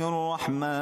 الله الرحمن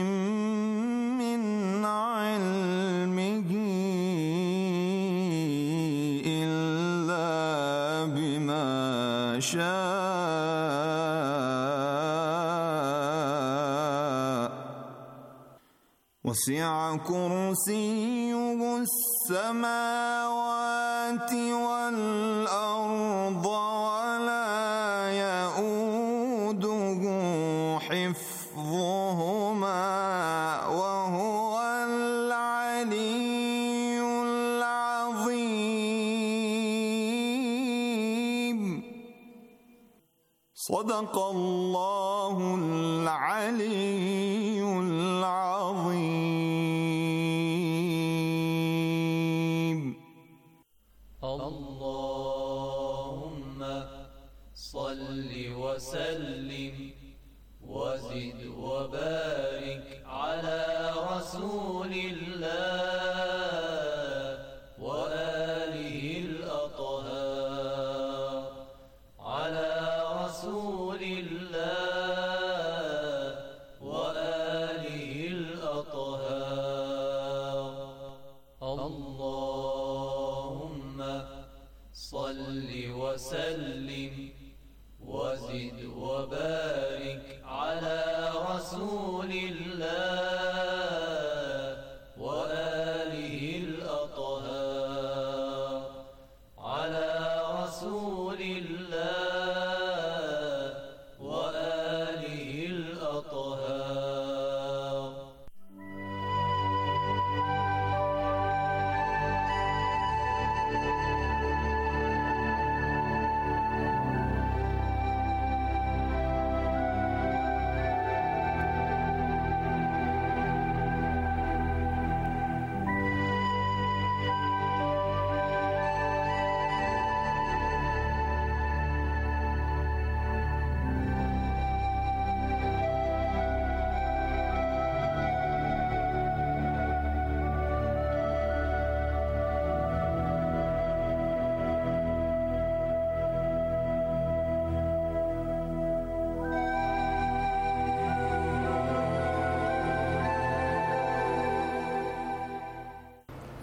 وسع كرسيه السماوات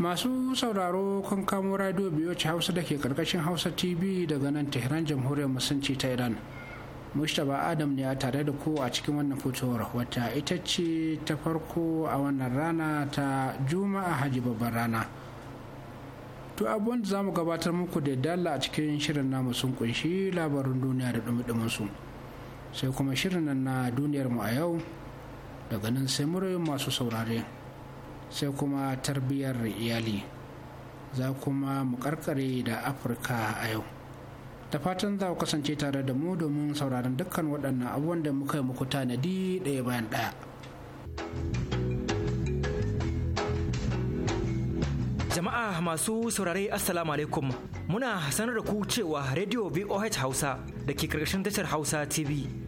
masu sauraro kan kamo radio ce hausa da ke karkashin hausa tv daga nan tehran jamhuriyar musulunci ta iran mustapha adam ne a tare da ku a cikin wannan fitowar wata ita ce ta farko a wannan rana ta juma'a haji babban rana to abubuwan da za mu gabatar muku da dala a cikin shirin namu sun kunshi labarin duniya da dumi su sai kuma shirin nan na duniyar mu a yau daga nan sai masu saurare sai kuma tarbiyyar iyali za kuma mu karkare da afirka a yau ta fatan za ku kasance tare da mu domin sauraron dukkan waɗannan abubuwan da muka yi muku tanadi ɗaya bayan ɗaya jama'a masu saurare assalamu alaikum muna sanar da ku cewa radio voh hausa da ke karkashin tashar hausa tv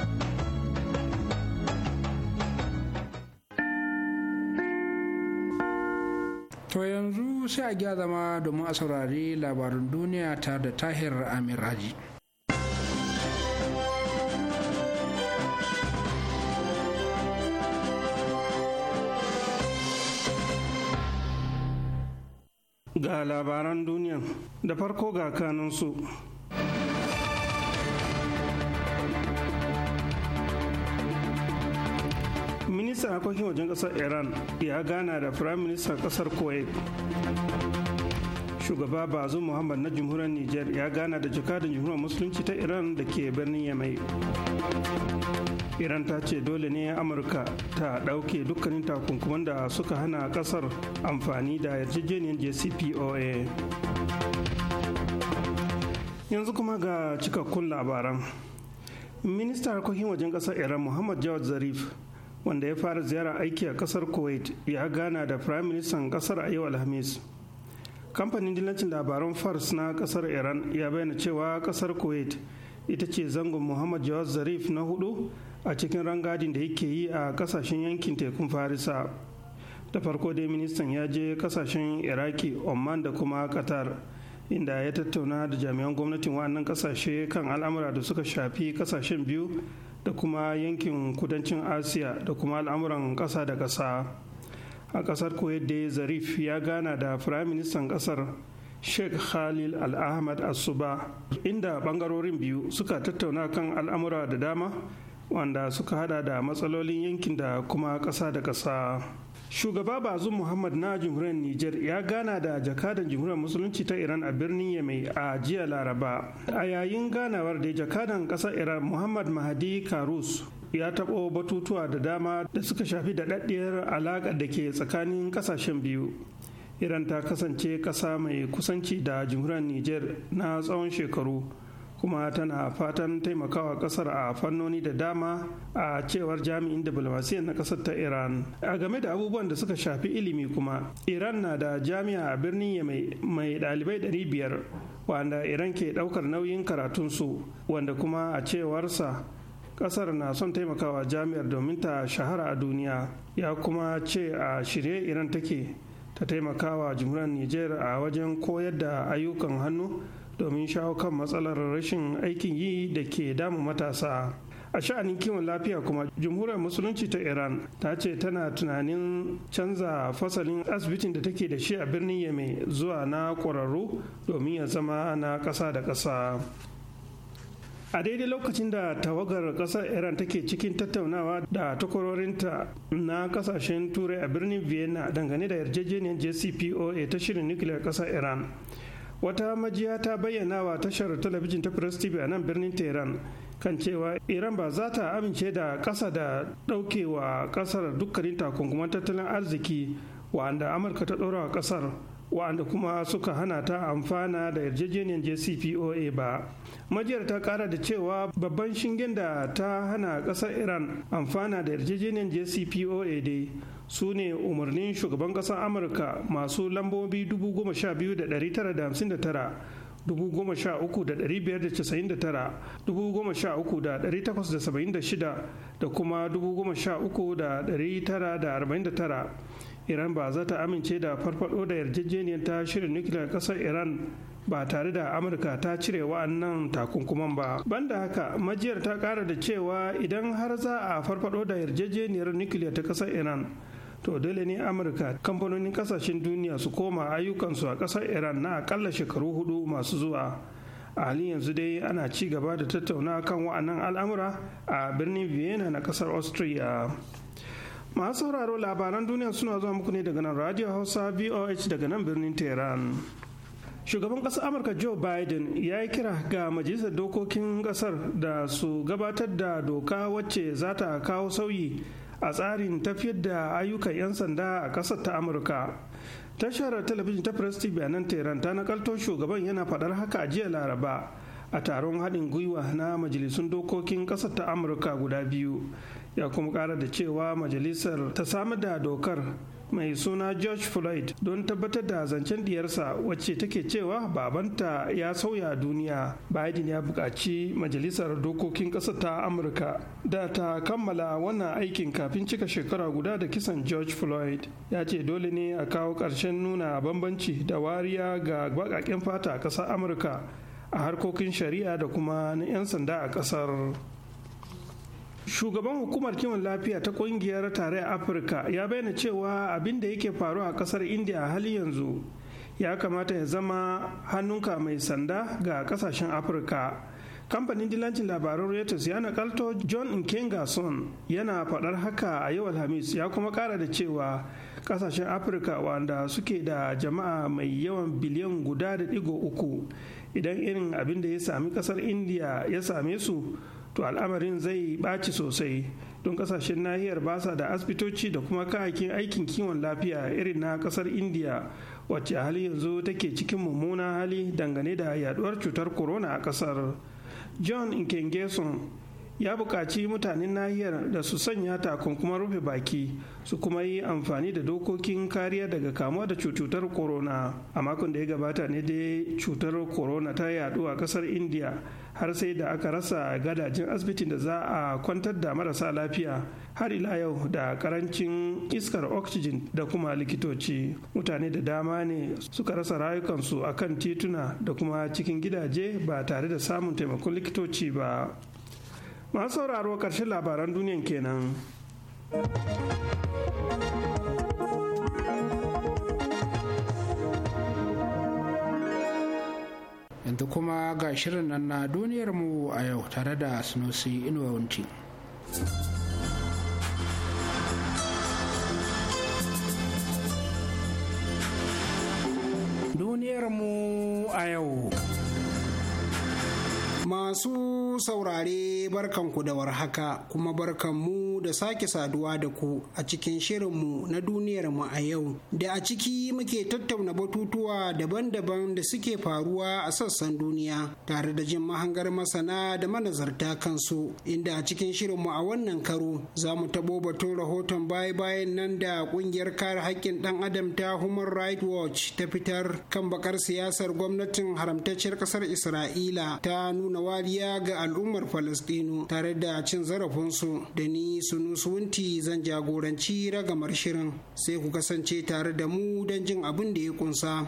to yanzu sai a gyara zama domin a saurari labarin duniya ta da tahir amir haji ga labaran duniya da farko ga kanunsu. su ministan harkokin wajen kasar iran ya gana da firayim ministan kasar kuwait shugaba bazu muhammad na jamhuriyar niger ya gana da jakadun jamhuriyar musulunci ta iran da ke birnin yamai iran ta ce dole ne amurka ta ɗauke dukkanin takunkuman da suka hana kasar amfani da yarjejeniyar jcpoa yanzu kuma ga cikakkun labaran ministan harkokin wajen kasar iran muhammad jawad zarif wanda ya fara ziyara aiki a kasar kuwait ya gana da prime minister kasar a yau alhamis kamfanin dillancin labaran fars na kasar iran ya bayyana cewa kasar kuwait ita ce zangon muhammad jawaz zarif na hudu a cikin rangadin da yake yi a kasashen yankin tekun farisa da farko dai ministan ya je kasashen iraki oman da kuma qatar inda ya tattauna da jami'an gwamnatin wannan kasashe kan al'amura da suka shafi kasashen biyu da kuma yankin kudancin asiya da kuma al'amuran ƙasa da ƙasa a ƙasar da zarif ya gana da firaministan ministan ƙasar sheikh khalil al-ahmad asuba inda ɓangarorin biyu suka tattauna kan al'amura da dama wanda suka hada da matsalolin yankin da kuma ƙasa da ƙasa shugaba bazum muhammad na jamhuriyar niger ya gana da jakadan jamhuriyar musulunci ta iran a birnin yamai a jiya laraba a yayin ganawar da jakadan kasar iran muhammad mahadi karus ya taɓo batutuwa da dama da suka shafi daɗaɗɗiyar alaƙar da ke tsakanin ƙasashen biyu iran ta kasance ƙasa mai kusanci da jamhuriyar niger na tsawon shekaru kuma tana fatan taimakawa kasar a fannoni da dama a cewar jami'in diplomasiyyar na kasar ta iran a game da abubuwan da suka shafi ilimi kuma iran na da jami'a a birnin yamai mai dalibai 500 wanda iran ke daukar nauyin karatunsu wanda kuma a cewarsa kasar na son taimakawa jami'ar domin ta shahara a duniya ya kuma ce a shirye iran take ta taimakawa jimran niger a wajen koyar da ayyukan hannu domin shawo kan matsalar rashin aikin yi da ke damu matasa a sha'anin kiwon lafiya kuma jamhuriyar musulunci ta iran ta ce tana tunanin canza fasalin asibitin da take da shi a birnin yame zuwa na ƙwararru domin ya zama na ƙasa da ƙasa a daidai lokacin da tawagar kasar iran take cikin tattaunawa da takwarorinta na kasashen turai a birnin vienna dangane da yarjejeniyar jcpoa ta shirin nukiliyar kasar iran wata majiya ta bayyana wa tashar talabijin ta press tv a nan birnin tehran kan cewa iran ba za ta amince da ƙasa da ɗaukewa ƙasar dukkanin takunkuman tattalin arziki wa'anda amurka ta ɗora wa ƙasar wa'anda kuma suka hana ta amfana da yarjejeniyar jcpoa ba majiyar ta kara da cewa babban shingen da ta hana ƙasar iran amfana da yarjejeniyar jcpoa dai su ne umarnin shugaban ƙasar amurka masu lambobi 12,959 13,599 da kuma 13,949 iran ba za ta amince da farfado da yarjejeniyar ta shirin nukiliyar ƙasar iran ba tare da amurka ta cire wa'annan takunkuman ba banda haka majiyar ta kara da cewa idan har za a farfado da yarjejeniyar nukiliyar ta kasar iran to dole ne amurka kamfanonin kasashen duniya su koma ayyukansu a ƙasar iran na akalla shekaru hudu masu zuwa a halin yanzu dai ana ci gaba da tattauna kan wa'annan al'amura a birnin vienna na ƙasar austria masu sauraro labaran duniya suna zuwa muku ne daga nan radio hausa voh daga nan birnin tehran shugaban ƙasar amurka joe biden ya yi kira ga majalisar dokokin ƙasar da su gabatar da doka wacce za ta kawo sauyi a tsarin tafiyar da ayyukan 'yan sanda a ƙasar ta amurka tashar talabijin ta press tv a nan tehran ta nakalto shugaban yana faɗar haka a jiya laraba a taron haɗin gwiwa na majalisun dokokin ƙasar ta amurka guda biyu ya kuma ƙara da cewa majalisar ta samar da dokar mai suna george floyd don tabbatar da zancen diyarsa wacce take cewa babanta ya sauya duniya biden ya buƙaci majalisar dokokin ƙasa ta amurka da ta kammala wannan aikin kafin cika shekara guda da kisan george floyd ya ce dole ne a kawo ƙarshen nuna bambanci da wariya ga baƙaƙen fata a ƙasar amurka a harkokin shari'a da kuma na 'yan sanda a ƙasar. Shugaban hukumar kiwon lafiya ta kungiyar tarayyar Afirka ya bayyana cewa abin da yake faruwa a kasar India a hali yanzu ya kamata ya zama hannunka mai sanda ga kasashen Afirka. Kamfanin dilancin labarun Reuters ya nakalto John Nkengason yana faɗar haka a yau Alhamis ya kuma ƙara da cewa kasashen Afirka wanda suke da jama'a mai yawan biliyan guda da digo uku idan irin abin da ya sami kasar India ya same su to al'amarin zai ɓaci sosai don ƙasashen nahiyar ba sa da asibitoci da kuma kayakin aikin kiwon lafiya irin na ƙasar india wacce a hali yanzu take cikin mummunan hali dangane da yaduwar cutar corona a ƙasar? john nkengeson ya buƙaci mutanen nahiyar da su sanya takunkuman rufe baki su kuma yi amfani da dokokin kariya daga kamuwa da cutar corona a makon da ya gabata ne dai cutar corona ta yaɗu a ƙasar india har sai da aka rasa gadajin asibitin da za a kwantar da marasa lafiya har ila yau da karancin iskar oxygen da kuma likitoci mutane da dama ne suka rasa rayukansu a kan tituna da kuma cikin gidaje ba tare da samun taimakon likitoci ba masu sauraro ƙarshen labaran duniyan kenan. yanzu kuma ga shirin nan na duniyarmu a yau tare da sunusi inuwaunci duniyarmu a yau Masu saurare barkanku da warhaka kuma barkanmu da sake saduwa da ku a cikin shirinmu na duniyarmu a yau da a ciki muke tattauna batutuwa daban-daban da suke faruwa a sassan duniya tare da jin mahangar masana da manazarta kansu inda a cikin shirinmu a wannan karo za mu taɓo batun rahoton baya-bayan nan da ƙungiyar kare haƙƙin ɗan adam ta Human Rights Watch ta fitar kan bakar siyasar gwamnatin haramtacciyar ƙasar Isra'ila ta nuna wariya ga al'ummar falastino tare da cin zarafinsu da ni sunusunti zan jagoranci ragamar shirin sai ku kasance tare da mu don jin abin da ya kunsa.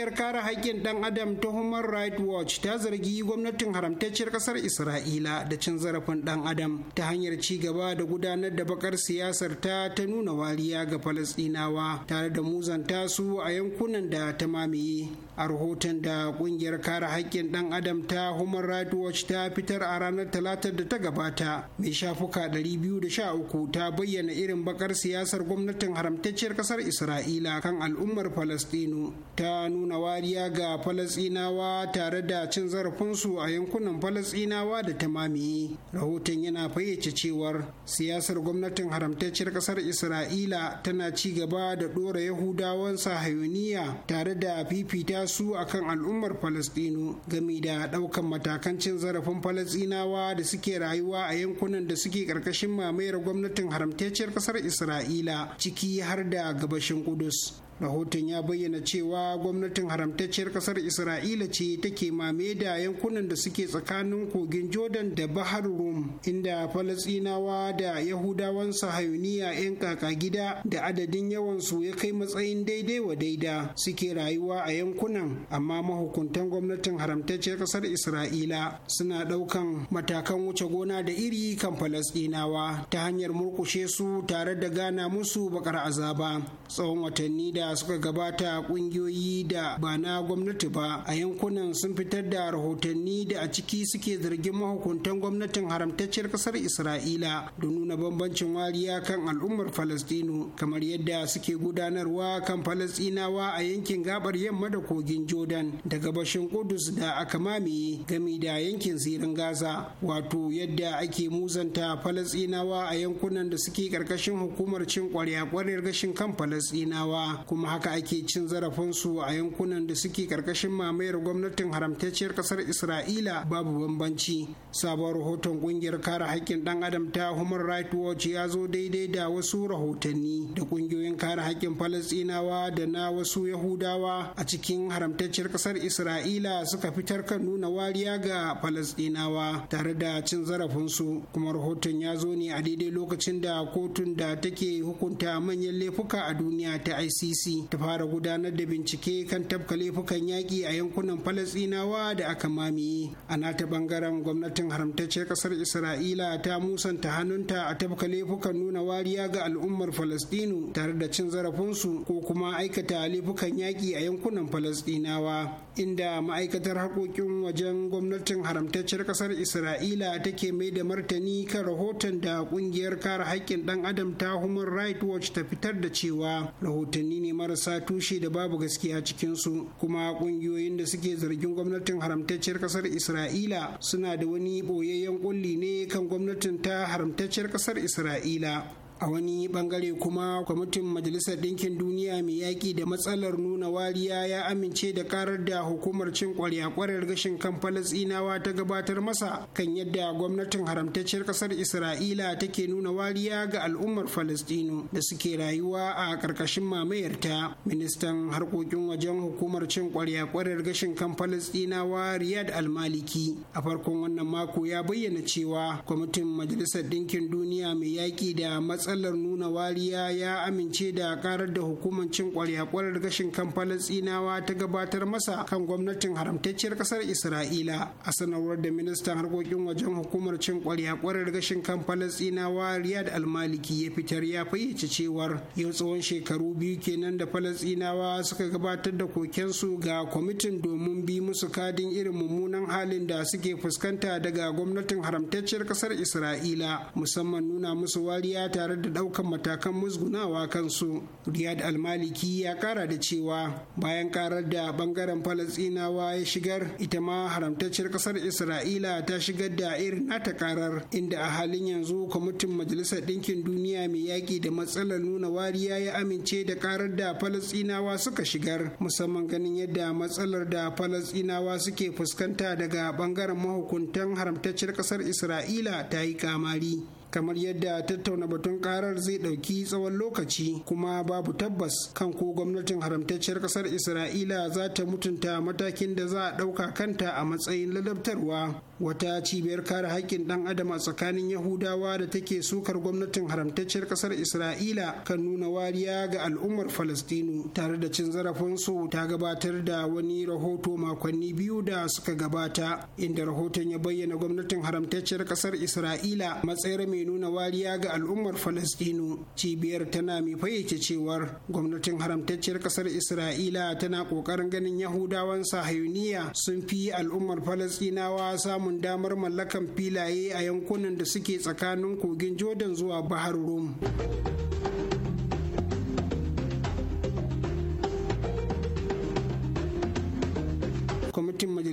Ƙungiyar kare haƙƙin ɗan adam ta Human Rights Watch ta zargi gwamnatin haramtacciyar ƙasar Isra'ila da cin zarafin ɗan adam ta hanyar ci gaba da gudanar da bakar siyasar ta ta nuna wariya ga Falasɗinawa tare da muzanta su a yankunan da ta mamaye. a rahoton da kungiyar kare haƙƙin ɗan adam ta human rights watch ta fitar a ranar talatar da ta gabata mai shafuka 213 ta bayyana irin bakar siyasar gwamnatin haramtacciyar ƙasar isra'ila kan al'ummar falastinu ta nuna wariya ga falastinawa tare da cin zarafinsu a yankunan falastinawa da ta mamaye rahoton yana fayyace cewar siyasar gwamnatin haramtacciyar ƙasar isra'ila tana ci gaba da ɗora yahudawan sahayuniya tare da fifita su akan al'ummar Falasɗinu gami da ɗaukan matakan cin zarafin Falasɗinawa da suke rayuwa a yankunan da suke ƙarƙashin mamayar gwamnatin haramtacciyar ƙasar Isra'ila ciki har da gabashin Kudus. rahoton ya bayyana cewa gwamnatin haramtacciyar kasar isra'ila ce take mame da yankunan da suke tsakanin kogin jordan da bahar rum inda falasinawa da yahudawan sahayuniya 'yan kaka gida da adadin yawansu ya kai matsayin daidai wa daida suke rayuwa a yankunan amma mahukuntan gwamnatin haramtacciyar kasar isra'ila suna ɗaukan matakan wuce gona da iri kan falasinawa ta hanyar murkushe su tare da gana musu bakar azaba tsawon watanni da da suka gabata kungiyoyi da ba na gwamnati ba a yankunan sun fitar da rahotanni da a ciki suke zargin mahukuntan gwamnatin haramtacciyar kasar isra'ila da nuna bambancin wariya kan al'ummar falastinu kamar yadda suke gudanarwa kan falastinawa a yankin gabar yamma da kogin jordan da gabashin kudus da aka mamaye gami da yankin zirin gaza wato yadda ake muzanta falastinawa a yankunan da suke karkashin hukumar cin kwarya-kwaryar gashin kan falastinawa kuma kuma haka ake cin zarafinsu a yankunan da suke karkashin mamayar gwamnatin haramtacciyar kasar isra'ila babu bambanci sabon rahoton kungiyar kare haƙƙin ɗan adam ta human rights watch ya zo daidai da wasu rahotanni da kungiyoyin kare haƙƙin falastinawa da na wasu yahudawa a cikin haramtacciyar kasar isra'ila suka fitar kan nuna wariya ga falastinawa tare da cin zarafinsu kuma rahoton ya zo ne a daidai lokacin da kotun da take hukunta manyan laifuka a duniya ta icc ta fara gudanar da bincike kan tabka laifukan yaƙi a yankunan Falasɗinawa da aka mamaye. A nata bangaren gwamnatin haramtacciyar ƙasar Isra'ila ta musanta hannunta a tabka laifukan nuna wariya ga al'ummar Falasɗinu tare da cin zarafinsu ko kuma aikata laifukan yaƙi a yankunan Falasɗinawa. inda ma'aikatar harkokin wajen gwamnatin haramtacciyar ƙasar isra'ila take mai da martani kan rahoton da ƙungiyar kare haƙƙin ɗan adam ta human rights watch ta fitar da cewa rahotanni ne marasa tushe da babu gaskiya cikinsu kuma ƙungiyoyin da suke zargin gwamnatin haramtacciyar ƙasar isra'ila suna da wani ɓoyayyen kulli ne kan gwamnatin ta haramtacciyar ƙasar isra'ila a wani bangare kuma kwamitin majalisar ɗinkin duniya mai yaƙi da matsalar nuna wariya ya amince da karar da hukumar cin kwarya-kwarar gashin kan falasɗinawa ta gabatar masa kan yadda gwamnatin haramtacciyar ƙasar isra'ila take nuna wariya ga al'ummar falasɗinu da suke rayuwa a ƙarƙashin mamayarta ministan harkokin wajen hukumar cin kwarya-kwarar gashin kan falasɗinawa riyad almaliki a farkon wannan mako ya bayyana cewa kwamitin majalisar ɗinkin duniya mai yaƙi da matsalar matsalar nuna wariya ya amince da karar da hukumar cin kwaryakwarar gashin kan falasinawa ta gabatar masa kan gwamnatin haramtacciyar kasar isra'ila a sanarwar da ministan harkokin wajen hukumar cin kwaryakwarar gashin kan falasinawa riyad almaliki ya fitar ya fayyace cewar yau tsawon shekaru biyu kenan da falasinawa suka gabatar da kokensu ga kwamitin domin bi musu kadin irin mummunan halin da suke fuskanta daga gwamnatin haramtacciyar kasar isra'ila musamman nuna musu wariya tare da ɗaukar matakan musgunawa kansu riyad almaliki ya kara da cewa bayan karar da bangaren falasinawa ya shigar ita ma haramtacciyar kasar isra'ila ta shigar da irin nata karar inda a halin yanzu kwamitin majalisar ɗinkin duniya mai yaƙi da matsalar nuna wariya ya amince da karar da falasinawa suka shigar musamman ganin yadda matsalar da falasinawa suke fuskanta daga bangaren mahukuntan haramtacciyar kasar isra'ila ta yi kamari kamar yadda tattauna batun karar zai ɗauki tsawon lokaci kuma babu tabbas kan ko gwamnatin haramtacciyar ƙasar isra'ila za ta mutunta matakin da za a ɗauka kanta a matsayin ladabtarwa wata cibiyar kare haƙƙin ɗan adam a tsakanin yahudawa da take sukar gwamnatin haramtacciyar ƙasar isra'ila kan nuna wariya ga al'ummar falastinu tare da cin zarafin su ta gabatar da wani rahoto makonni biyu da suka gabata inda rahoton ya bayyana gwamnatin haramtacciyar ƙasar isra'ila matsayar mai mai nuna wariya ga al'ummar falastinu cibiyar tana mai fayyace cewar gwamnatin haramtacciyar kasar isra'ila tana kokarin ganin yahudawan sahayuniya sun fi al'ummar falastinawa samun damar mallakan filaye a yankunan da suke tsakanin kogin jordan zuwa bahar rum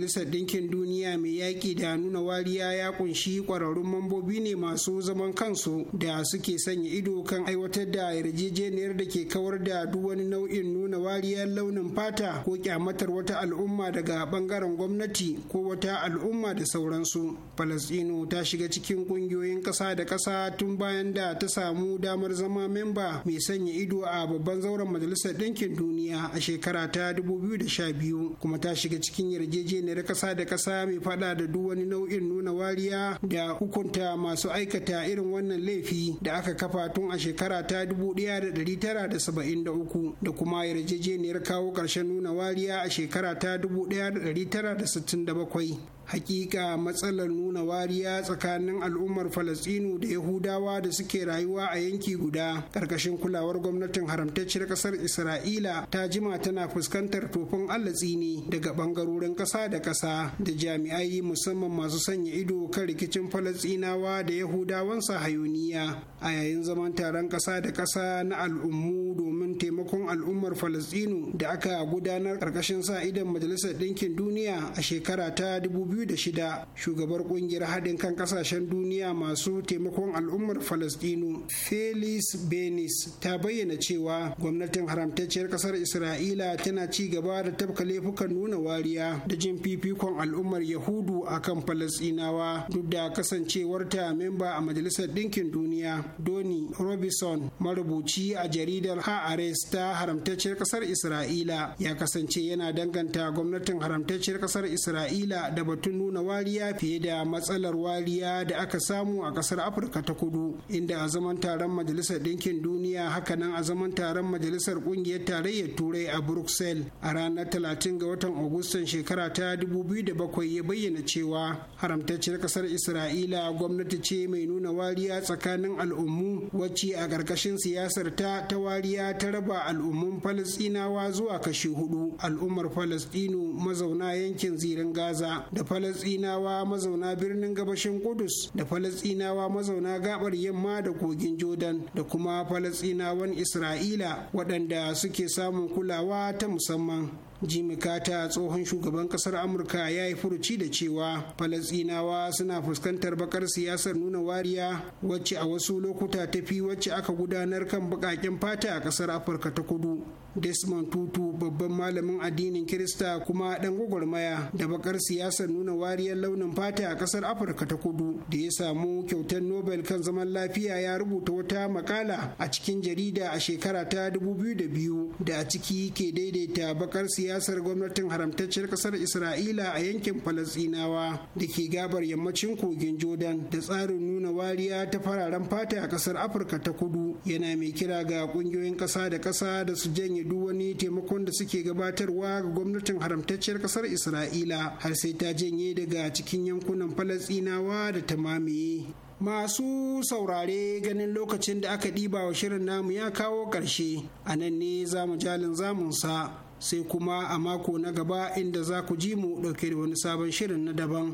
majalisar ɗinkin duniya mai yaƙi da nuna wariya ya kunshi ƙwararrun mambobi ne masu zaman kansu da suke sanya ido kan aiwatar da yarjejeniyar da ke kawar da duk wani nau'in nuna wariyar launin fata ko kyamatar wata al'umma daga bangaren gwamnati ko wata al'umma da sauransu falasɗinu ta shiga cikin ƙungiyoyin ƙasa da ƙasa tun bayan da ta samu damar zama memba mai sanya ido a babban zauren majalisar ɗinkin duniya a shekara ta 2012 kuma ta shiga cikin yarjejeniyar da kasa da kasa mai fada da duk wani nau'in nuna wariya da hukunta masu aikata irin wannan laifi da aka kafa tun a shekara ta 1973 da kuma yarjejeniyar kawo ƙarshen nuna wariya a shekara ta 1967 hakika matsalar nuna wariya tsakanin al'ummar falastinu da yahudawa da suke rayuwa a yanki guda karkashin kulawar gwamnatin haramtacciyar ƙasar isra'ila ta jima tana fuskantar tofin allatsini daga ɓangarorin ƙasa da ƙasa, da jami'ai musamman masu sanya ido kan rikicin falastinawa da yahudawan sahayuniya a yayin zaman taron ƙasa da ƙasa na al'ummu domin taimakon al'ummar falastinu da aka gudanar ƙarƙashin sa idan majalisar ɗinkin duniya a shekara ta 2000 2006 shugabar kungiyar haɗin kan ƙasashen duniya masu taimakon al'ummar falastinu felis benis ta bayyana cewa gwamnatin haramtacciyar ƙasar isra'ila tana ci gaba da tafka laifukan nuna wariya da jin fifikon al'ummar yahudu a kan falastinawa duk da kasancewarta memba a majalisar ɗinkin duniya doni robinson marubuci a jaridar ha'ares ta haramtacciyar ƙasar isra'ila ya kasance yana danganta gwamnatin haramtacciyar ƙasar isra'ila da batu batun nuna wariya fiye da matsalar wariya da aka samu a kasar afirka ta kudu inda a zaman taron majalisar ɗinkin duniya hakanan a zaman taron majalisar ƙungiyar tarayyar turai a bruxelles a ranar 30 ga watan agustan shekara ta 2007 ya bayyana cewa haramtacciyar kasar isra'ila gwamnati ce mai nuna wariya tsakanin al'ummu wacce a ƙarƙashin siyasar ta ta wariya ta raba al'ummun falasɗinawa zuwa kashi hudu al'ummar falasɗinu mazauna yankin zirin gaza da falasinawa mazauna birnin gabashin kudus da falasinawa mazauna gabar yamma da kogin jordan da kuma falasinawan isra'ila waɗanda suke samun kulawa ta musamman jimmy carter tsohon shugaban kasar amurka ya yi furuci da cewa falasinawa suna fuskantar bakar siyasar nuna wariya wacce a wasu lokuta ta fi wacce aka gudanar kan bakaken fata a kasar afirka ta kudu desmond tutu babban malamin addinin kirista kuma dan gwagwarmaya da bakar siyasar nuna wariyar launin fata a kasar afirka ta kudu da ya samu kyautar nobel kan zaman lafiya ya rubuta wata makala a cikin jarida a shekara ta dubu biyu da a ciki ke daidaita bakar siyasar siyasar gwamnatin haramtacciyar kasar isra'ila a yankin falasinawa da ke gabar yammacin kogin jordan da tsarin nuna wariya ta fararen fata a kasar afirka ta kudu yana mai kira ga kungiyoyin kasa da kasa da su janye duk wani taimakon da suke gabatarwa ga gwamnatin haramtacciyar kasar isra'ila har sai ta janye daga cikin yankunan falasinawa da ta mamaye Masu saurare ganin lokacin da aka ɗiba wa shirin namu ya kawo ƙarshe, a nan ne zamu jalin zamunsa sai kuma a mako na gaba inda za ku ji mu ɗauke da wani sabon shirin na daban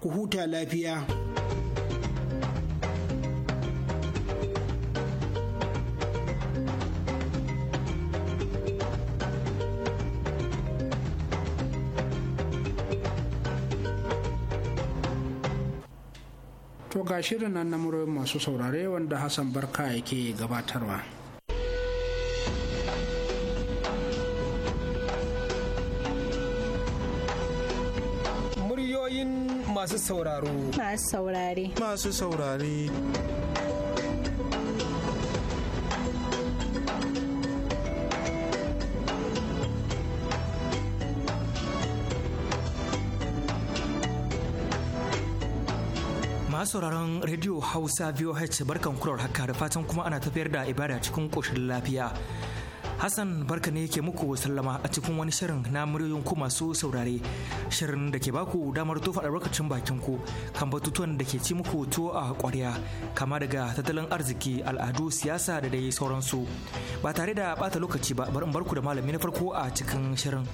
ku huta lafiya. To ga shirin nan na masu saurare wanda Hassan Barka yake gabatarwa. masu sauraro masu saurare masu saurare sauraron Radio Hausa VOH barkan kurar haka da fatan kuma ana tafiyar da ibada cikin koshin lafiya. Hassan barka ne yake muku sallama a cikin wani shirin na muryoyin ku masu saurare. Shirin da ke baku damar tofa albarkacin bakin ku kan batutuwan da ke ci muku tuwo a ƙwarya kama daga tattalin arziki, al'adu, siyasa da dai sauransu. Ba tare da bata lokaci ba bari in barku da malami na farko a cikin shirin.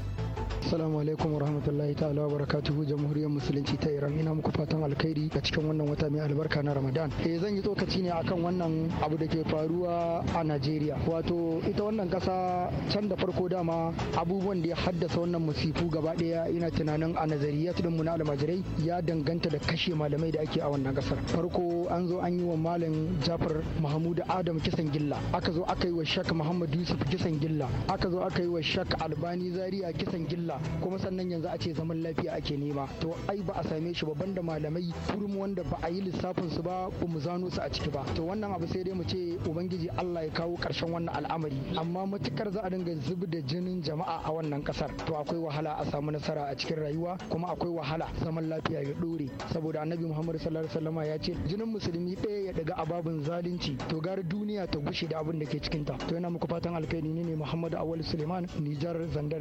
Assalamu alaikum wa rahmatullahi ta'ala wa barakatuhu jamhuriyar musulunci ta Iran ina muku fatan alkhairi a cikin wannan wata mai albarka na Ramadan. Eh zan yi tsokaci ne akan wannan abu da ke faruwa a Najeriya. Wato ita wannan kasa can da farko dama abubuwan da ya haddasa wannan musifu gaba daya ina tunanin a nazariyat din mu na almajirai ya danganta da kashe malamai da ake a wannan kasar. Farko an zo an yi wa malam Jafar Mahmud Adam kisan gilla. Aka zo aka yi wa Shak Muhammad Yusuf kisan gilla. Aka zo aka yi wa Shak Albani Zaria kisan gilla. matsala kuma sannan yanzu a ce zaman lafiya ake nema to ai ba a same shi ba banda malamai kurum wanda ba a yi lissafin su ba ba mu zano su a ciki ba to wannan abu sai dai mu ce ubangiji Allah ya kawo karshen wannan al'amari amma matukar za a dinga zub da jinin jama'a a wannan kasar to akwai wahala a samu nasara a cikin rayuwa kuma akwai wahala zaman lafiya ya dore saboda annabi Muhammad sallallahu alaihi wasallam ya ce jinin musulmi ɗaya ya daga ababin zalunci to gara duniya ta gushe da abin da ke cikinta to yana muku fatan alkhairi ne ne Muhammad Awal Suleiman Nijar Zandar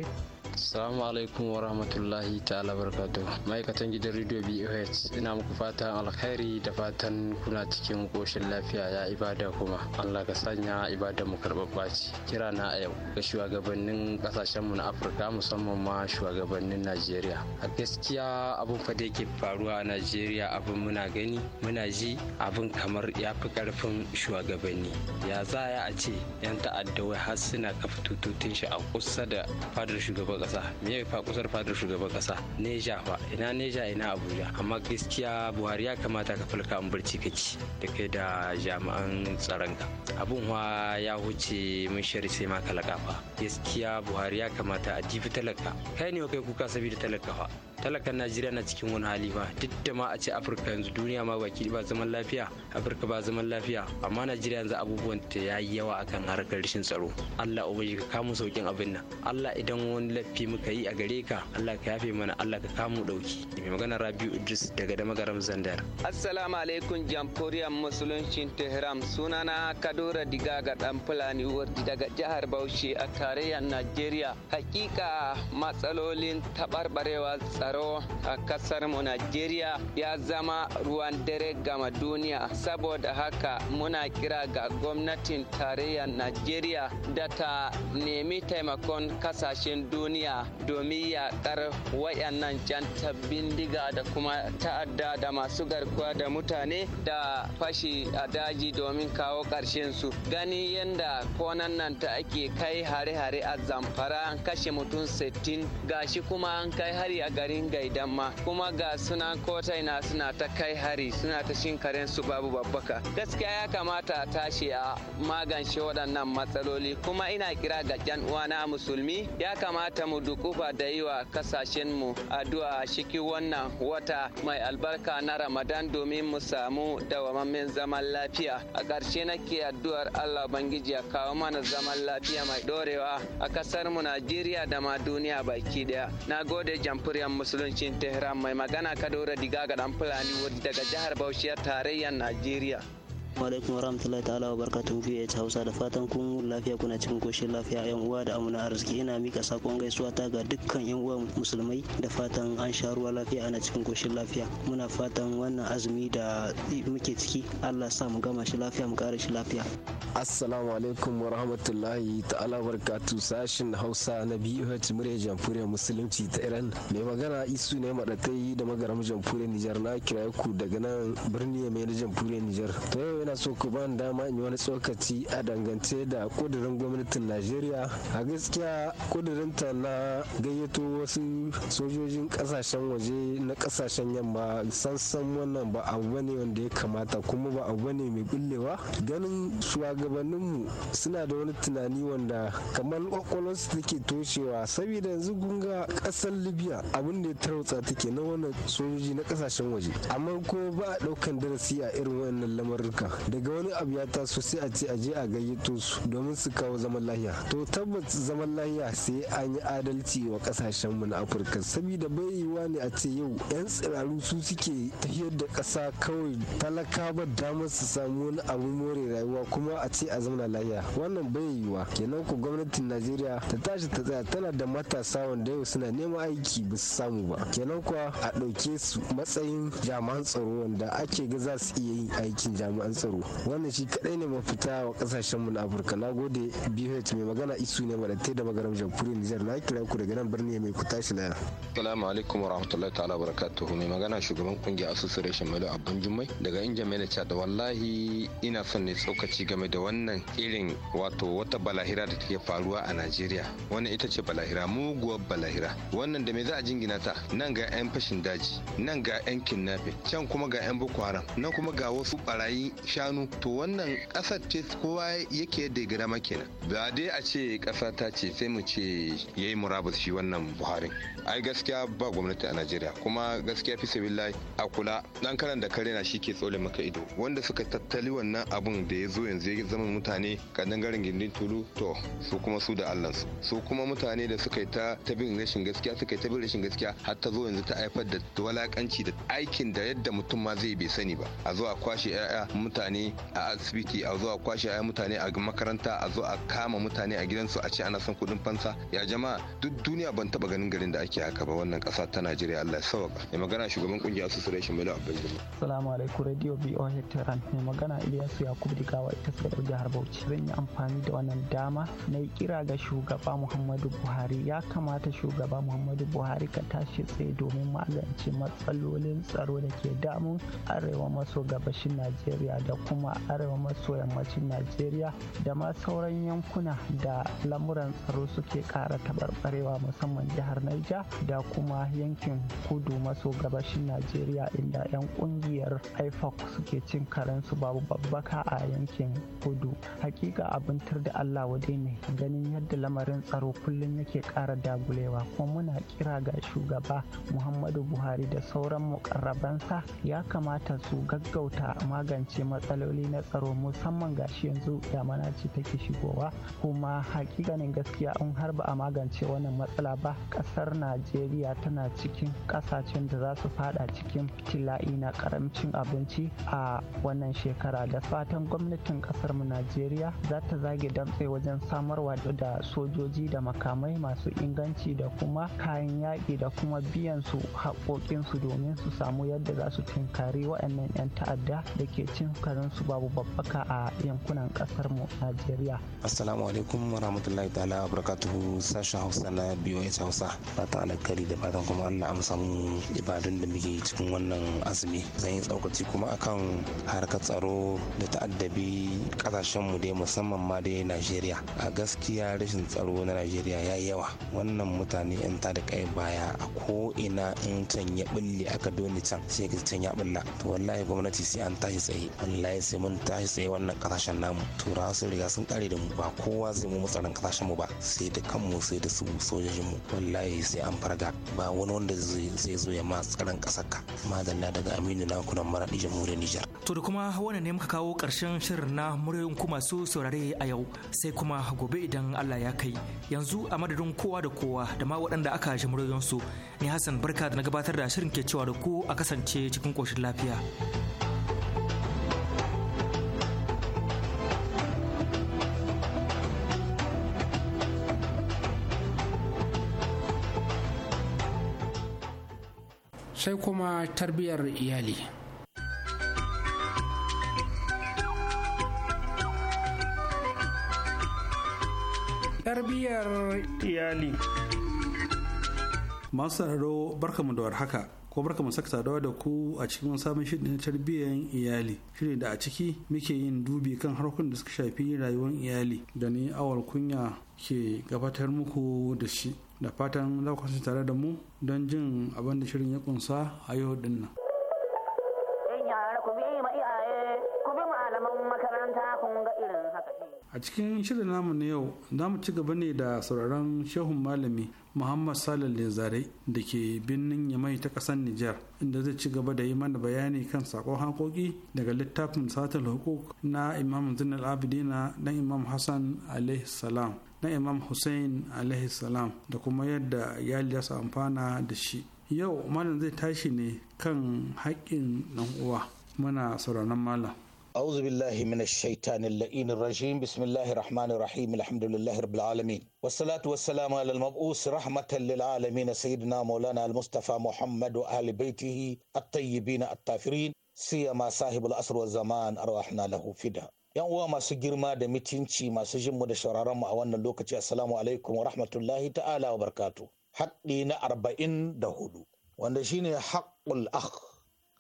Assalamu alaikum wa rahmatullahi ta'ala barkatu. Ma'aikatan gidan Radio BOH ina muku fatan alkhairi da fatan kuna cikin koshin lafiya ya ibada kuma. Allah ka sanya ibada mu karɓaɓɓa ce. Kira na a yau ga shugabannin kasashen mu na Afirka musamman ma shugabannin Najeriya. A gaskiya abun fa da yake faruwa a Najeriya abun muna gani muna ji abun kamar ya fi karfin shugabanni. Ya za a ce 'yan ta'adda wai har suna kafa tututun shi a kusa da fadar shugaban kasa me fa kusar fadar shugaban kasa neja fa ina neja ina abuja amma gaskiya buhari ya kamata ka falka an barci kake da kai da jami'an tsaron ka abun wa ya huce mun shari sai ma kalaƙa fa gaskiya buhari ya kamata a jifi talaka kai ne kai kuka saboda talaka fa talakan najeriya na cikin wani hali ba duk da ma a ce afirka yanzu duniya ma baki ba zaman lafiya afirka ba zaman lafiya amma najeriya yanzu abubuwan ta ya yi yawa akan harkar rashin tsaro allah ubangiji ka kamu saukin abin nan allah idan wani laifi muka yi a gare ka allah ka yafe mana allah ka kamu dauki mai magana rabiu idris daga damagaram zandar assalamu alaikum jamhuriyar musuluncin tehran sunana kadura diga ga dan fulani daga jihar bauchi a tarayyar najeriya hakika matsalolin taɓarɓarewa tsaro taro a kasar mu Najeriya ya zama ruwan dare gama duniya saboda haka muna kira ga gwamnatin tarayyar Najeriya da ta nemi taimakon kasashen duniya domin yaƙar wayannan janta bindiga da kuma ta'adda da masu garkuwa da mutane da fashi a daji domin kawo ƙarshen su gani yadda konan nan ta ake kai hare-hare a zamfara an kashe mutum 60 gashi kuma an kai hari a garin garin idan ma kuma ga suna kotai na suna ta kai hari suna ta shin karen su babu babbaka gaskiya ya kamata a tashi a magance waɗannan matsaloli kuma ina kira ga yan uwana musulmi ya kamata mu dukufa da yi wa kasashen mu addu'a shiki wannan wata mai albarka na ramadan domin mu samu dawamammen zaman lafiya a ƙarshe nake addu'ar allah bangiji ya kawo mana zaman lafiya mai dorewa a ƙasar mu najeriya da ma duniya baki daya na gode jamfuriyar musulmi musuluncin tehran mai magana kadoro diga ga dan fulani wadda daga jihar bauchi tarayyar najeriya alaikum warahmatullahi ta'ala wa barakatuhu VH Hausa da fatan kun lafiya kuna cikin koshin lafiya yan uwa da amuna arziki ina mika sakon gaisuwa ta ga dukkan yan uwa musulmai da fatan an sha ruwa lafiya ana cikin koshin lafiya muna fatan wannan azumi da muke ciki Allah sa mu gama shi lafiya mu kare shi lafiya assalamu alaikum wa rahmatullahi ta'ala wa barakatuhu sashin Hausa na BH murya jamhuriyar musulunci ta Iran mai magana isu ne madatai da magaram jamhuriyar Nijar na kiraye ku daga nan birni mai jamhuriyar Nijar to yau yana so ku ban dama in yi wani tsokaci a dangance da kudirin gwamnatin najeriya a gaskiya kudirinta na gayyato wasu sojojin kasashen waje na kasashen yamma sansan wannan ba abu bane wanda ya kamata kuma ba abu bane mai bullewa ganin shugabanninmu suna da wani tunani wanda kamar kwakwalwarsu take toshewa saboda yanzu gunga kasar libya abin da ya tarwatsa take na wannan sojoji na kasashen waje amma kuma ba a daukan darasi a irin wannan lamarurka daga wani abu ya taso sai a ce a je a gayyato su domin su kawo zaman lahiya to tabbas zaman lahiya sai an yi adalci wa kasashen mu na afirka saboda bai yiwa ne a ce yau yan tsiraru su suke tafiyar da kasa kawai talaka ba damar su samu wani abu more rayuwa kuma a ce a zamana lahiya wannan bai yiwa kenan ku gwamnatin najeriya ta tashi ta tsaya tana da matasa wanda yau suna neman aiki ba su samu ba kenan kuwa a ɗauke su matsayin jami'an tsaro wanda ake ga za su iya yin aikin jami'an tsaro tsaro wannan shi kadai ne mafita wa kasashen mu na afirka na gode bh mai magana isu ne madatte da magaram jamhuriyar nijar na kira ku daga nan birni mai ku tashi laya assalamu alaikum wa rahmatullahi ta'ala barakatuhu mai magana shugaban kungiyar association mai abun jummai daga injin mai da wallahi ina son ne tsokaci game da wannan irin wato wata balahira da take faruwa a najeriya wannan ita ce balahira muguwar balahira wannan da me za a jingina ta nan ga 'yan fashin daji nan ga 'yan kidnapping can kuma ga 'yan boko haram nan kuma ga wasu barayi shanu to wannan ƙasar ce kowa yake da girma kenan ba dai a ce ƙasa ta ce sai mu ce ya yi murabus shi wannan buhari ai gaskiya ba gwamnati a najeriya kuma gaskiya fi sabillahi a kula dan karan da kare na shi ke tsole maka ido wanda suka tattali wannan abun da ya zo yanzu ya zama mutane kanan garin gindin tulu to su kuma su da allansu su kuma mutane da suka yi ta tabin rashin gaskiya suka yi tabin rashin gaskiya har ta zo yanzu ta haifar da walakanci da aikin da yadda mutum ma zai bai sani ba a zo a kwashe 'ya'ya mutane a asibiti a zuwa kwashe ayan mutane a makaranta a zo a kama mutane a gidansu a ce ana son kuɗin fansa ya jama'a duk duniya ban taba ganin garin da ake haka ba wannan ƙasa ta Najeriya Allah ya sauka mai magana shugaban kungiyar association Bello Abdul Assalamu alaikum radio BOH Tehran mai magana Ilyasu yakub Digawa ita ce jihar Bauchi zan yi amfani da wannan dama na kira ga shugaba Muhammadu Buhari ya kamata shugaba Muhammadu Buhari ka tashi tsaye domin magance matsalolin tsaro da ke damun arewa maso gabashin Najeriya da kuma arewa maso yammacin najeriya da ma sauran yankuna da lamuran tsaro suke kara tabarbarewa musamman jihar naija da kuma yankin kudu maso gabashin najeriya inda 'yan kungiyar ifac suke cin karensu babu babbaka a yankin kudu hakika abin da allah wade ne ganin yadda lamarin tsaro kullum yake kara dagulewa kuma muna kira ga shugaba muhammadu buhari da sauran mukarrabansa ya kamata su gaggauta magance matsaloli na tsaro musamman ga shi yanzu damana ce take shigowa kuma hakikanin gaskiya in har ba a magance wannan matsala ba kasar najeriya tana cikin kasashen da za su fada cikin tila'i na karamcin abinci a wannan shekara da fatan gwamnatin kasar mu najeriya za ta zage damtse wajen samarwa da sojoji da makamai masu inganci da kuma kayan yaƙi da kuma biyan su haƙoƙinsu domin su samu yadda za su tunkari waɗannan 'yan ta'adda da ke cin su babu babbaka a yankunan kasar mu Najeriya. Assalamu alaikum wa rahmatullahi ta'ala wa barakatuhu sashen Hausa na ya Hausa. ta alakari da fatan kuma Allah amsa mu ibadun da muke cikin wannan azumi. Zan yi tsaukaci kuma akan harkar tsaro da ta'addabi kasashen mu dai musamman ma dai Najeriya. A gaskiya rashin tsaro na Najeriya ya yi yawa. Wannan mutane 'yan ta da kai baya a ko ina in can ya bulle aka dole can sai ka can ya bulla. To wallahi gwamnati sai an tashi tsaye. wallahi sai mun tashi tsaye wannan kasashen namu turawa sun riga sun kare da mu ba kowa zai mu tsaron kasashen mu ba sai da kanmu sai da su sojojin mu wallahi sai an farga ba wani wanda zai zo ya ma tsaron kasar ka madalla daga aminu na kunan maradi jamhuriyar nijar to da kuma wannan ne muka kawo karshen shirin na muryoyin kuma masu saurare a yau sai kuma gobe idan Allah ya kai yanzu a madadin kowa da kowa da ma waɗanda aka ji su ni Hassan barka da na gabatar da shirin ke cewa da ku a kasance cikin koshin lafiya. sai kuma tarbiyyar iyali tarbiyyar iyali masu sararo barkamu da warhaka ko barkamu saka sadawa da ku a cikin samun shirin na tarbiyyar iyali shirin da a ciki muke yin dubi kan harkokin da suka shafi rayuwar iyali da ni awal kunya ke gabatar muku da shi da fatan za ku tare da mu don jin abin da shirin ya kunsa a yau dinnan. a cikin shirin namu na yau za mu ci gaba ne da sauraron shehun malami muhammad salal zare da ke birnin yamai ta ƙasar nijar inda zai ci gaba da yi mana bayani kan sakon hankoki daga littafin satar hukuk na imam zinal abidina dan imam hassan alaihi salam na imam hussein alaihi salam da kuma yadda iyali ya amfana da shi yau malam zai tashi ne kan haƙƙin ɗan uwa muna sauraron malam أعوذ بالله من الشيطان اللئين الرجيم بسم الله الرحمن الرحيم الحمد لله رب العالمين والصلاة والسلام على المبعوث رحمة للعالمين سيدنا مولانا المصطفى محمد وآل بيته الطيبين الطاهرين سيما صاحب الأسر والزمان أرواحنا له فدا yan uwa masu girma da mitinci masu jinmu da shauraronmu a wannan lokaci assalamu alaikum wa rahmatullahi ta'ala wa barkatu haƙƙi na arba'in da hudu wanda shine haƙƙul akh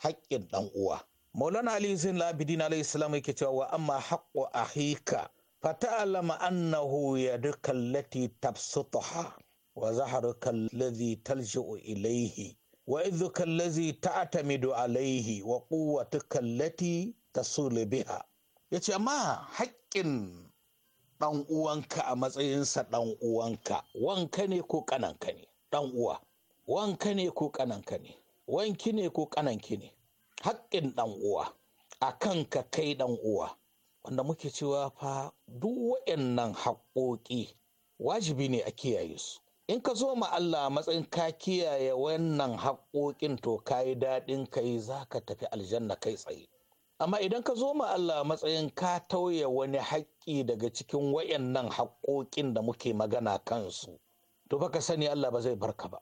haƙƙin ɗan uwa maulana ali hussein labidin alayhi salam yake cewa wa amma haqqu ahika fata'lama annahu yaduka allati tabsutaha wa zaharuka alladhi talji'u ilayhi wa idhuka allazi ta'tamidu alayhi wa quwwatuka allati tasulu biha yace amma haƙƙin dan uwanka a matsayinsa dan uwanka wanka ne ko ƙananka ne Dan uwa wanka ne ko ƙananka ne wanki ne ko ƙananki ne haƙƙin ɗan uwa a ka kai ɗan uwa wanda muke cewa fa duk waɗannan haƙoƙi wajibi ne a kiyaye su in ka zo ma Allah matsayin ka kiyaye wannan haƙoƙin to ka yi daɗin ka yi za ka tafi aljanna kai tsaye amma idan ka zo ma Allah matsayin ka tauye wani haƙƙi daga cikin nan haƙoƙin da muke magana kansu to baka sani Allah ba zai barka ba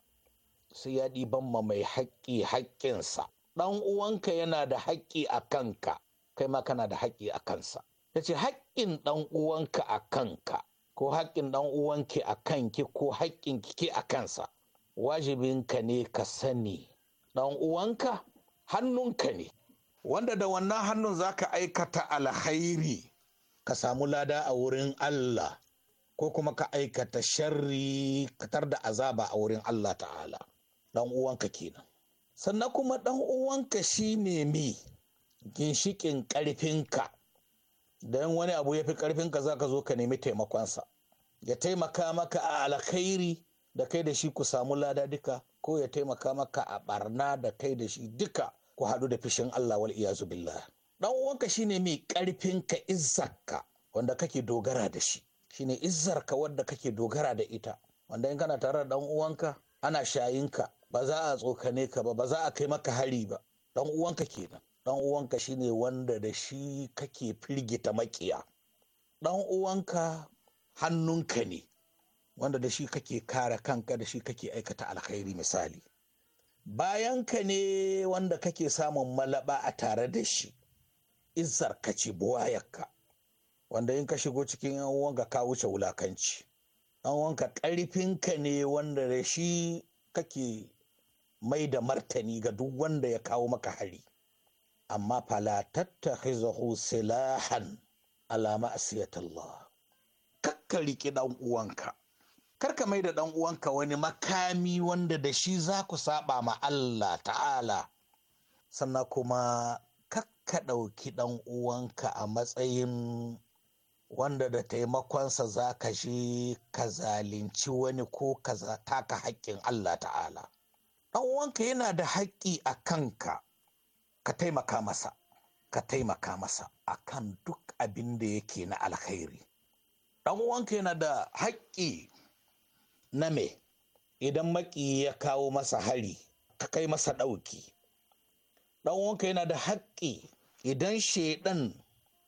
sai ya ɗiban ma mai haƙƙi haƙƙinsa ɗan uwanka yana da haƙƙi a kanka kai ma kana da haƙƙi a kansa ta ce haƙƙin ɗan uwanka a kanka ko haƙƙin ɗan uwanki a kanki ko haƙƙin kike a kansa wajibinka ne ka sani ɗan uwanka hannunka ne wanda da wannan hannun za ka aikata alhairi ka samu lada a wurin Allah ko kuma ka aikata sharri ka tar da azaba a wurin Allah ta'ala ɗan uwanka kenan sannan kuma ɗan uwanka shi ne me ginshikin ƙarfinka don wani abu ya fi ƙarfinka za ka zo ka nemi taimakonsa ya taimaka maka a alkhairi da kai da shi ku samu lada duka ko ya taimaka maka a barna da kai da shi duka ku haɗu da fishin Allah wal iyazu billah dan uwanka shine mai ƙarfinka izzarka wanda kake dogara da shi shine izzarka wanda kake dogara da ita wanda in kana tare da dan uwanka ana shayinka ba za a tsokane ka ba ba za a kai maka hari ba dan uwanka kenan dan uwanka shine wanda da shi kake firgita makiya dan uwanka hannunka ne wanda da shi kake kare kanka da shi kake aikata alkhairi misali bayanka ne wanda kake samun malaba a tare da shi izzar ka ce buwayarka wanda in ka shigo cikin yan uwanka ka wuce wulakanci dan uwanka ka ne wanda da shi kake mai da martani ga duk wanda ya kawo maka hari amma fala tattakhizahu silahan ala ma'siyatillah kakka riki dan uwanka karka mai da dan uwanka wani makami wanda da shi za ku saba ma Allah ta'ala sannan kuma kakka ɗauki dan uwanka a matsayin wanda da taimakonsa za ka shi ka zalunci wani ko ka taka haƙƙin Allah ta'ala uwanka yana da haƙƙi a kanka ka taimaka masa ka taimaka masa a kan duk abin da yake na alkhairi ɗan uwanka yana da haƙƙi na me idan maƙi ya kawo masa hari ka kai masa ɗauki ɗan uwanka yana da haƙƙi idan shaidan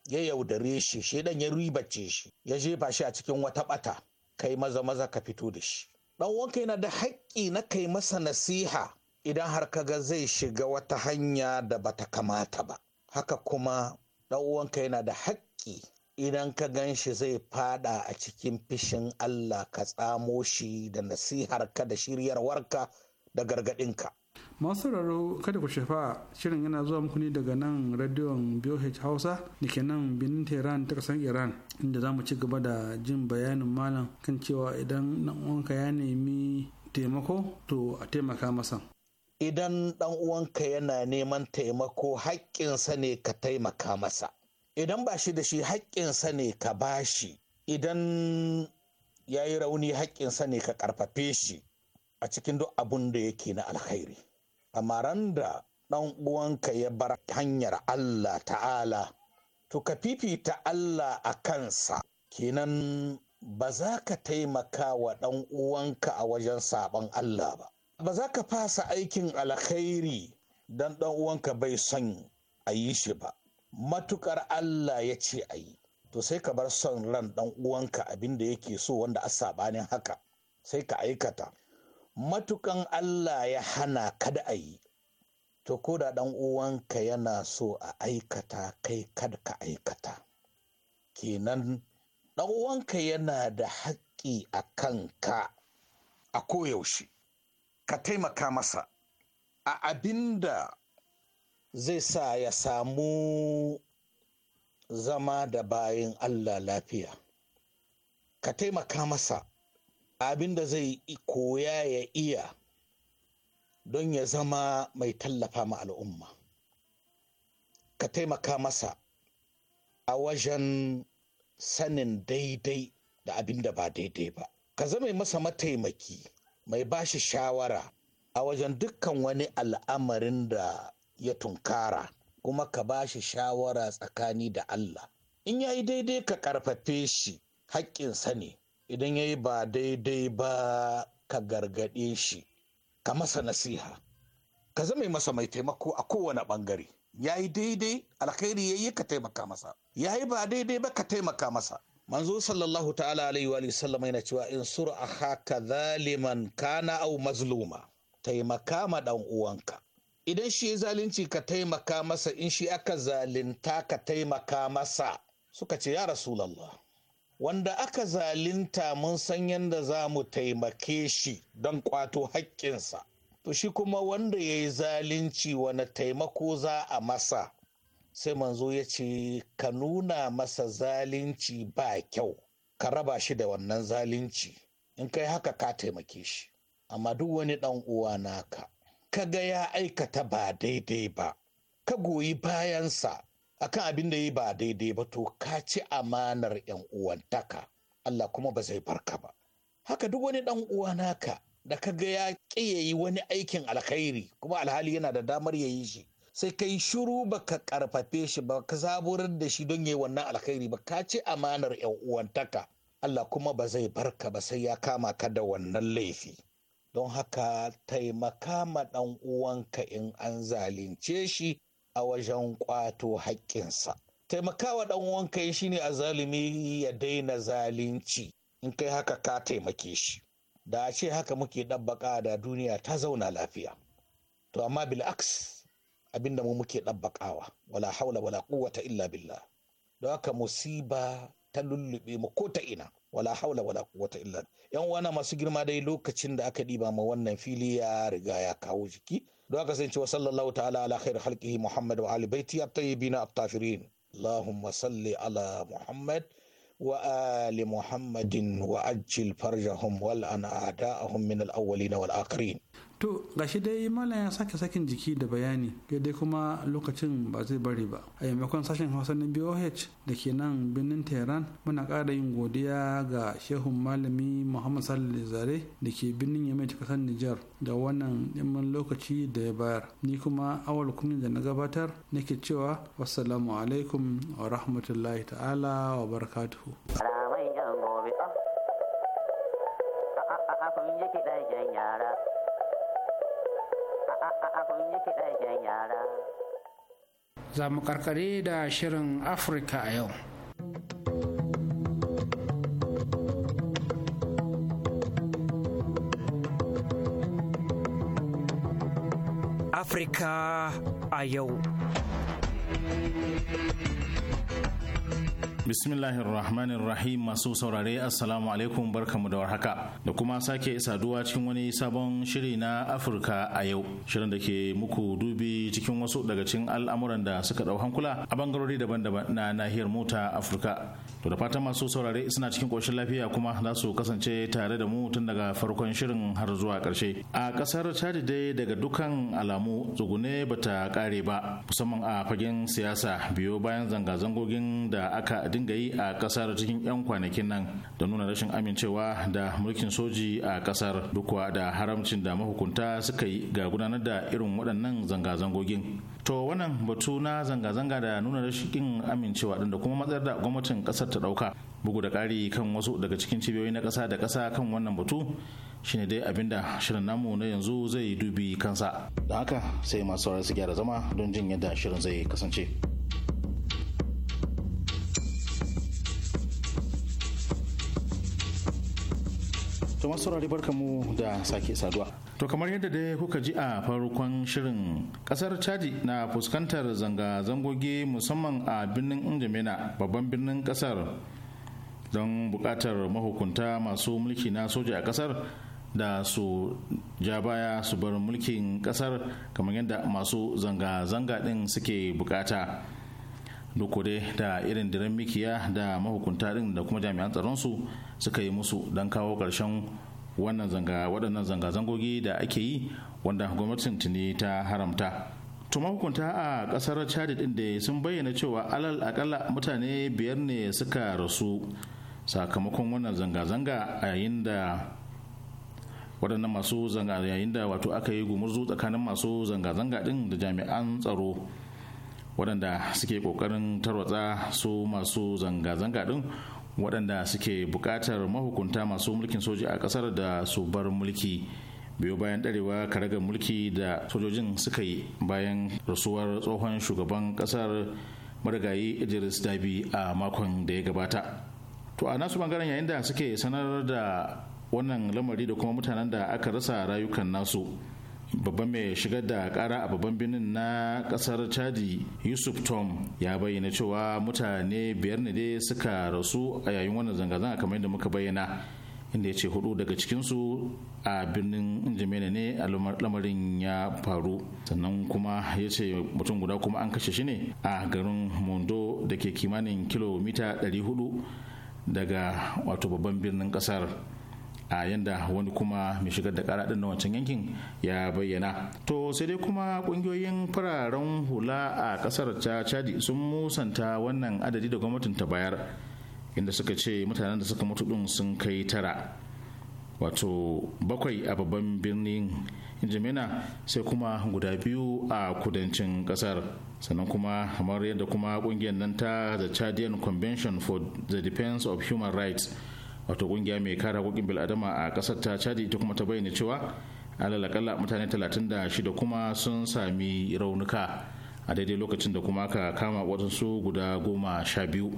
ya yaudare shi shaidan ya ribace shi ya jefa shi a cikin wata ɓata kai maza maza ka fito da shi dan wanka yana da haƙƙi na kai masa nasiha idan har ka ga zai shiga wata hanya da bata kamata ba haka kuma dan wanka yana da haƙƙi idan ka gan shi zai fada a cikin fishin Allah ka tsamo shi da nasiharka da shiryarwarka da gargaɗinka masu raro kada ku shafa shirin yana zuwa muku ne daga nan radiyon BOH Hausa da ke nan Benin Tehran ta kasan Iran inda za mu ci gaba da jin bayanin malam kan cewa idan dan uwanka ya nemi taimako to a taimaka masa. Idan dan uwanka yana neman taimako haƙƙinsa ne ka taimaka masa. Idan ba shi da shi haƙƙinsa ne ka ba shi Idan ya yi rauni haƙƙinsa ne ka ƙarfafe shi a cikin duk abun da yake na alkhairi. kamaran da ɗan uwanka ya bar hanyar Allah ta'ala to ka fifita Allah a kansa kenan ba za ka taimaka wa ɗan uwanka a wajen saɓon Allah ba ba za ka fasa aikin alkhairi don ɗan uwanka bai son a yi shi ba matukar Allah ya ce a yi to sai ka bar son ran ɗan uwanka abin da yake so wanda a saɓanin haka sai ka aikata matukan Allah ya hana kada a yi to ko da ɗan uwanka yana so a aikata kai kada ka aikata kenan ɗan uwanka yana da haƙƙi a kanka a koyaushe ka taimaka masa a abinda zai sa ya samu zama da bayan Allah lafiya ka taimaka masa abin da zai koya ya iya don ya zama mai tallafa ma al'umma ka taimaka masa a wajen sanin daidai da abin da ba daidai ba ka zama masa mataimaki mai bashi shawara a wajen dukkan wani al'amarin da ya tunkara kuma ka bashi shawara tsakani da Allah in ya yi daidai ka ƙarfafe shi haƙƙinsa ne idan ya yi ba daidai ba ka gargaɗe shi ka masa nasiha ka zama masa mai taimako a kowane ɓangare ya yi daidai alkhairi ya yi ka taimaka masa ya yi ba daidai ba ka taimaka masa manzo sallallahu ta'ala alaihi wa sallama yana cewa in sura haka zaliman kana au mazluma taimaka ma dan uwanka idan shi ya zalunci ka taimaka masa in shi aka zalunta ka taimaka masa suka ce ya rasulallah wanda aka zalinta mun san yadda za mu taimake shi don kwato haƙƙinsa to shi kuma wanda ya yi zalunci wani taimako za a masa sai manzo ya ce ka nuna masa zalunci ba kyau ka raba shi da wannan zalunci in kai haka ka taimake shi amma duk wani ɗan uwa naka ga ya aikata ba daidai ba ka goyi bayansa akan abin da yi ba daidai ba to ka ci amanar yan uwantaka Allah kuma ba zai farka ba haka duk wani dan uwa naka da ka ga ya ƙi ya yi wani aikin alkhairi kuma alhali yana da damar ya yi shi sai ka yi shiru ba ka karfafe shi ba ka zaburar da shi don ya yi wannan alkhairi ba ka ci amanar yan uwantaka Allah kuma ba zai barka ba sai ya kama ka da wannan laifi don haka taimaka ma ɗan uwanka in an zalunce shi a wajen kwato haƙƙinsa taimakawa ɗan wanka ne a zalimi ya daina zalunci in kai haka ka taimake shi da a ce haka muke ɗabbaka da duniya ta zauna lafiya to amma bil'aks abinda mu muke ɗabbakawa wala haula wala quwwata illa billah don haka musiba ta lullube mu ko ta ina wala haula wala quwwata illa yan uwana masu girma dai lokacin da aka ɗiba ma wannan fili ya riga ya kawo jiki don kasance wa sallallahu ta'ala ala khair halki muhammad wa ali baiti at-tayyibin at-tafirin allahumma salli ala muhammad wa ali muhammadin wa ajil farjahum wal an a'da'ahum min al-awwalin wal akhirin to shi dai malam ya sake sakin jiki da bayani dai kuma lokacin ba zai bari ba a yammakon sashen hausa na boh da ke nan birnin tehran muna ƙara yin godiya ga shehun malami muhammad salli zare da ke birnin yamai ta kasar nijar da wannan ɗimin lokaci da ya bayar ni kuma awal kunin da na gabatar nake cewa wassalamu alaikum wa rahmatullahi ta'ala wa barakatuhu ah, ah, ah, yara abin yake yara. Za mu karkare da shirin Afirka a yau. Afirka a yau. Bismillahir Rahmanir Rahim masu saurare Assalamu alaikum barkamu da warhaka da kuma sake saduwa cikin wani sabon shiri na Afirka a yau shirin da ke muku dubi cikin wasu daga cikin al'amuran da suka dau hankula a bangarori daban-daban na nahiyar mota Afirka to da fatan masu saurare suna cikin koshin lafiya kuma za su kasance tare da mu tun daga farkon shirin har zuwa karshe a kasar Chad dai daga dukan alamu tsugune bata kare ba musamman a fagen siyasa biyo bayan zanga-zangogin da aka dinga yi a kasar cikin 'yan kwanakin nan da nuna rashin amincewa da mulkin soji a kasar dukwa da haramcin da mahukunta suka yi ga gudanar da irin waɗannan zanga-zangogin to wannan batu na zanga-zanga da nuna rashin amincewa da kuma matsayar da gwamnatin kasar ta ɗauka bugu da ƙari kan wasu daga cikin cibiyoyi na ƙasa da ƙasa kan wannan batu shine dai abinda shirin namu na yanzu zai dubi kansa da haka sai masu su gyara zama don jin yadda shirin zai kasance. to masu barkamu da sake saduwa to kamar yadda dai kuka ji a farkon shirin kasar chadi na fuskantar zanga-zangogi musamman a birnin injamena babban birnin kasar don bukatar mahukunta masu mulki na soja a kasar da su ja baya su bar mulkin kasar kamar yadda masu zanga-zanga din suke bukata. duk dai da irin diren mikiya da mahukunta din da kuma jami'an tsaron su suka yi musu don kawo karshen wannan zanga waɗannan zanga-zangogi da ake yi wanda gwamnatin tuni ta haramta to mahukunta a ƙasar chad din da sun bayyana cewa alal akalla mutane biyar ne suka rasu sakamakon wannan zanga-zanga a yayin da waɗannan masu zanga yayin da wato aka yi gumurzu tsakanin masu zanga-zanga din da jami'an tsaro waɗanda suke ƙoƙarin tarwatsa su masu zanga-zanga ɗin waɗanda suke buƙatar mahukunta masu mulkin soji a ƙasar da su bar mulki biyo bayan ɗarewa karagar mulki da sojojin suka yi bayan rasuwar tsohon shugaban ƙasar marigayi idris dabi a makon da ya gabata to a nasu bangaren yayin da suke sanar da wannan lamari da kuma mutanen da aka rasa rayukan nasu babban mai shigar da kara a babban birnin na kasar chadi yusuf tom ya bayyana cewa mutane biyar ne dai suka rasu a yayin wannan zanga-zanga kamar yadda muka bayyana inda ya ce hudu daga cikinsu a birnin injimena ne a lamarin ya faru sannan kuma ya ce mutum guda kuma an kashe shi ne a garin mondo da ke kimanin kilomita 400 daga wato babban birnin kasar a yanda wani kuma mai shigar da kara din na wancan yankin ya bayyana to sai dai kuma kungiyoyin fararen hula a kasar ta chadi sun musanta wannan adadi da gwamnatin ta bayar inda suka ce mutanen da suka mutu din sun kai tara wato bakwai a babban birnin jimina sai kuma guda biyu a kudancin kasar sannan kuma kamar yadda kuma kungiyar nan ta the chadian convention for the defense of human rights wato kungiya mai kare haƙoƙin bil'adama a ƙasar ta chadi ita kuma ta bayyana cewa akalla mutane 36 kuma sun sami raunuka a daidai lokacin da kuma aka kama waɗansu guda goma sha biyu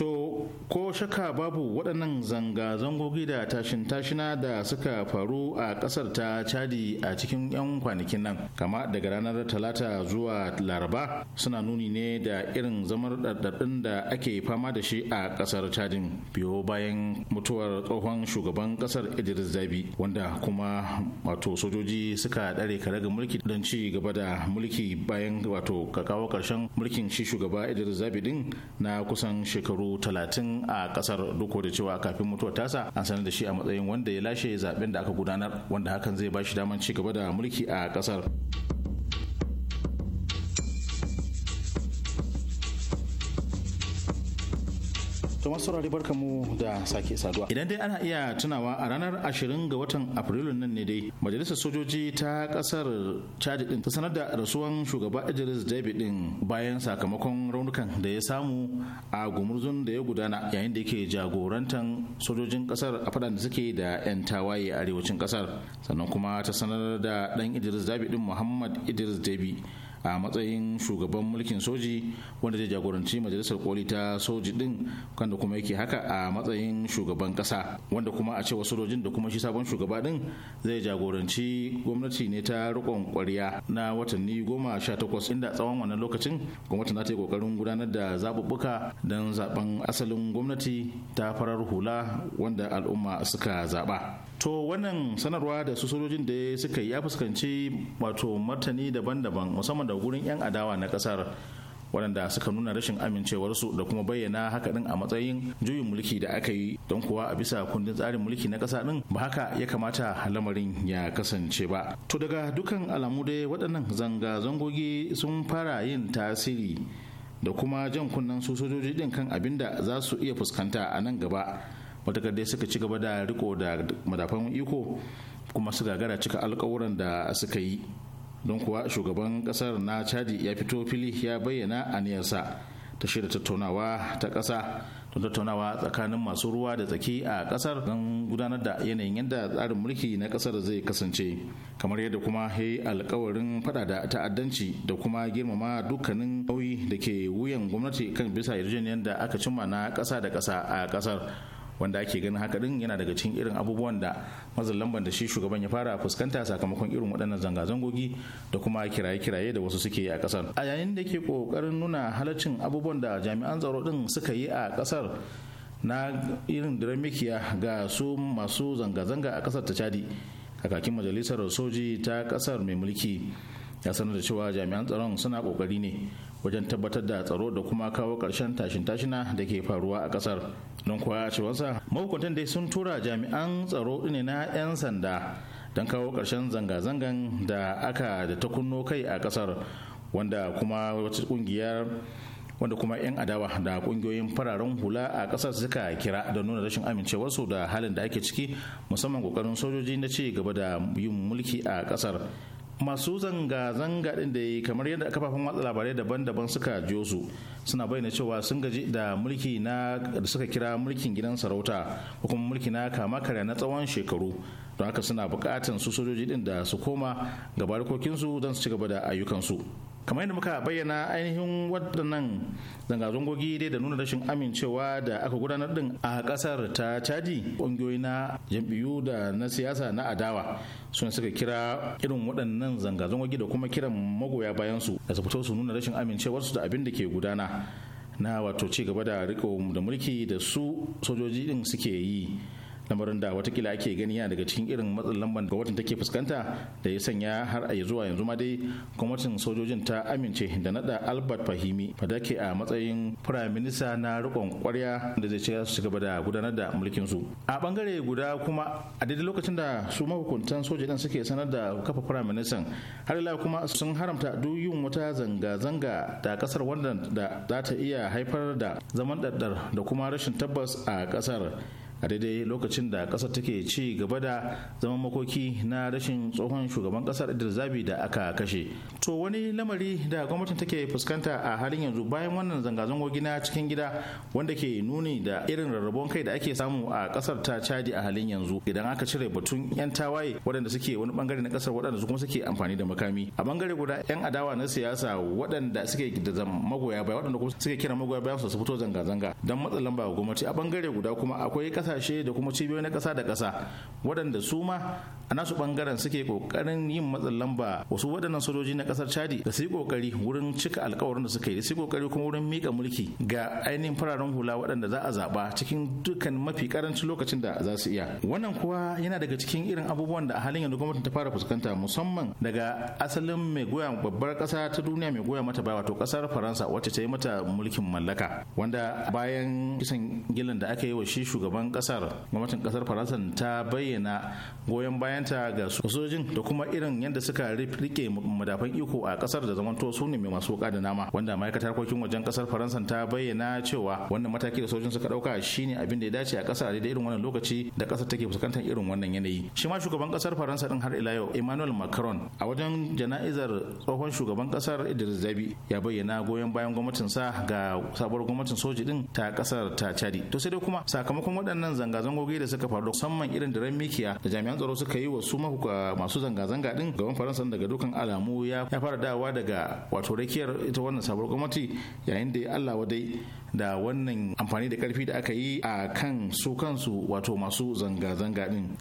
To ko shaka babu waɗannan zanga-zangogi da tashin tashina da suka faru a ƙasar ta Chadi a cikin 'yan kwanakin nan kama daga ranar Talata zuwa Laraba suna nuni ne da irin zamar ɗarɗarɗin da ake fama da shi a ƙasar Chadin biyo bayan mutuwar tsohon shugaban ƙasar Idris Zabi wanda kuma wato sojoji suka ɗare kare ga mulki don ci gaba da mulki bayan wato kawo ƙarshen mulkin shi shugaba Idris Zabi din na kusan shekaru talatin a kasar duk da cewa kafin mutuwar tasa an sanar da shi a matsayin wanda ya lashe zaben da aka gudanar wanda hakan zai ba shi daman ci gaba da mulki a kasar. masu saurari barka mu da sake saduwa. Idan dai ana iya tunawa a ranar ashirin ga watan Afrilun nan ne dai majalisar sojoji ta kasar Chad din ta sanar da rasuwan shugaba Idris david din bayan sakamakon raunukan da ya samu a gumurzun da ya gudana yayin da yake jagorantar sojojin kasar a fadan da suke da 'yan tawaye a arewacin kasar sannan kuma ta sanar da dan Idris david din Muhammad Idris Deby a matsayin shugaban mulkin soji wanda zai jagoranci majalisar koli ta soji din kanda kuma yake haka a matsayin shugaban kasa wanda kuma a ce wasu rojin da kuma shi sabon shugaba din zai jagoranci gwamnati ne ta rikon ƙwarya. na watanni goma sha takwas inda tsawon wannan lokacin gwamnati na ta yi kokarin gudanar da zaɓuɓɓuka don zaɓen asalin gwamnati ta farar hula wanda al'umma suka zaɓa to wannan sanarwa da su sojojin da suka yi ya fuskanci wato martani daban-daban musamman da gurin 'yan adawa na kasar waɗanda suka nuna rashin amincewarsu da kuma bayyana haka ɗin a matsayin juyin mulki da aka yi don kuwa a bisa kundin tsarin mulki na ƙasa ɗin ba haka ya kamata lamarin ya kasance ba to daga dukan alamu dai waɗannan zanga-zangogi sun fara yin tasiri da kuma jan kunnen su sojoji ɗin kan abin da za su iya fuskanta a nan gaba matakar dai suka ci gaba da riko da madafan iko kuma su gagara cika alkawuran da suka yi don kuwa shugaban kasar na chadi ya fito fili ya bayyana a aniyarsa ta shirya tattaunawa ta kasa don tattaunawa tsakanin masu ruwa da tsaki a ƙasar don gudanar da yanayin yadda tsarin mulki na ƙasar zai kasance kamar yadda kuma ya yi alkawarin fada da ta'addanci da kuma girmama dukkanin kauyi da ke wuyan gwamnati kan bisa yarjejeniyar da aka cimma na ƙasa da kasa a ƙasar wanda ake ganin haka din yana daga cikin irin abubuwan da mazan lamban da shi shugaban ya fara fuskanta sakamakon irin waɗannan zanga-zangogi da kuma kiraye-kiraye da wasu suke yi a kasar. a yayin da ke ƙoƙarin nuna halaccin abubuwan da jami'an tsaro din suka yi a ƙasar na irin diramikiya ga su masu zanga-zanga a kasar ta cadi kakakin majalisar soji ta ƙasar mai mulki ya sanar da cewa jami'an tsaron suna kokari ne wajen tabbatar da tsaro da kuma kawo ƙarshen tashin tashina da ke faruwa a ƙasar don kuwa a cewarsa mahukuntan dai sun tura jami'an tsaro ne na 'yan sanda don kawo ƙarshen zanga-zangan da aka da ta kunno kai a ƙasar wanda kuma wata ƙungiyar wanda kuma 'yan adawa da kungiyoyin fararen hula a ƙasar suka kira da nuna rashin amincewarsu da halin da ake ciki musamman ƙoƙarin sojoji na ci gaba da yin mulki a ƙasar. masu zanga-zanga din da kamar yadda kafafen watsa labarai daban-daban suka jiyo su suna bayyana cewa sun gaji da mulki na da suka kira mulkin gidan sarauta ko kuma mulki na kama karya na tsawon shekaru don haka suna bukatan su sojoji din da su koma ga barkokinsu don su ci gaba da ayyukansu. kamar yadda muka bayyana ainihin waɗannan zanga-zangogi dai da nuna rashin amincewa da aka gudanar din a ƙasar ta caji ƙungiyoyi na jam'iyyu da na siyasa na adawa sun suka kira irin waɗannan zanga-zangogi da kuma kiran magoya bayansu da su fito su nuna rashin amincewarsu da abin da ke gudana na wato ci gaba da riko da mulki da su sojoji din suke yi lamarin da watakila ake gani yana daga cikin irin matsin lamban da watan take fuskanta da ya sanya har a zuwa yanzu ma dai gwamnatin sojojin ta amince da nada albert fahimi fadake a matsayin prime minister na rikon kwarya da zai ce su gaba da gudanar da mulkin su a bangare guda kuma a daidai lokacin da su mahukuntan sojojin suke sanar da kafa prime minister har ila kuma sun haramta duk yin wata zanga-zanga da kasar wanda da za ta iya haifar da zaman daddar da kuma rashin tabbas a kasar a daidai lokacin da kasar take ci gaba da zaman makoki na rashin tsohon shugaban kasar idris zabi da aka kashe to wani lamari da gwamnatin take fuskanta a halin yanzu bayan wannan zanga-zangogi gina cikin gida wanda ke nuni da irin rarrabon kai da ake samu a kasar ta chadi a halin yanzu idan aka cire batun yan tawaye waɗanda suke wani bangare na kasar waɗanda kuma suke amfani da makami a bangare guda yan adawa na siyasa waɗanda suke da magoya baya waɗanda kuma suke kira magoya baya su fito zanga-zanga don matsa lamba gwamnati a bangare guda kuma akwai kasar kasashe da kuma cibiyoyi na kasa da kasa waɗanda su ma a nasu ɓangaren suke ƙoƙarin yin matsin lamba wasu waɗannan sojoji na ƙasar chadi da su yi ƙoƙari wurin cika alkawarin da suka yi da su yi ƙoƙari kuma wurin miƙa mulki ga ainihin fararen hula waɗanda za a zaɓa cikin dukkan mafi ƙarancin lokacin da za su iya wannan kuwa yana daga cikin irin abubuwan da a halin yanzu gwamnatin ta fara fuskanta musamman daga asalin mai goya babbar ƙasa ta duniya mai goya mata baya wato ƙasar faransa wacce ta yi mata mulkin mallaka wanda bayan kisan gilan da aka yi wa shi shugaban kasar gwamnatin kasar faransa ta bayyana goyon bayanta ga sojojin da kuma irin yadda suka rike madafan iko a kasar da zamanto su ne mai masu wuka da nama wanda ma'aikatar harkokin wajen kasar faransa ta bayyana cewa wannan mataki da sojojin suka dauka shine abin da ya dace a kasar da irin wannan lokaci da kasar take fuskantar irin wannan yanayi shi ma shugaban kasar faransa din har ila yau emmanuel macron a wajen jana'izar tsohon shugaban kasar idris zabi ya bayyana goyon bayan sa ga sabuwar gwamnatin soji din ta kasar ta chadi to sai dai kuma sakamakon waɗannan irin zanga-zangogi da suka faru musamman irin da ran mikiya da jami'an tsaro suka yi wa su masu zanga-zanga din gaban faransa daga dukan alamu ya fara dawa daga wato rakiyar ita wannan sabuwar gwamnati yayin da allah dai da wannan amfani da karfi da aka yi a kan su kansu wato masu zanga-zanga din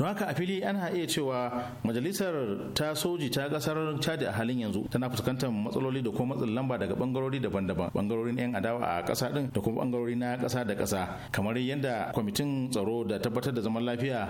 don haka a fili ana iya cewa majalisar ta soji ta kasar chad a halin yanzu tana fuskantar matsaloli da kuma matsin lamba daga bangarori daban-daban bangarorin yan adawa a kasa din da kuma bangarori na kasa da kasa kamar yadda kwamitin tsaro da tabbatar da zaman lafiya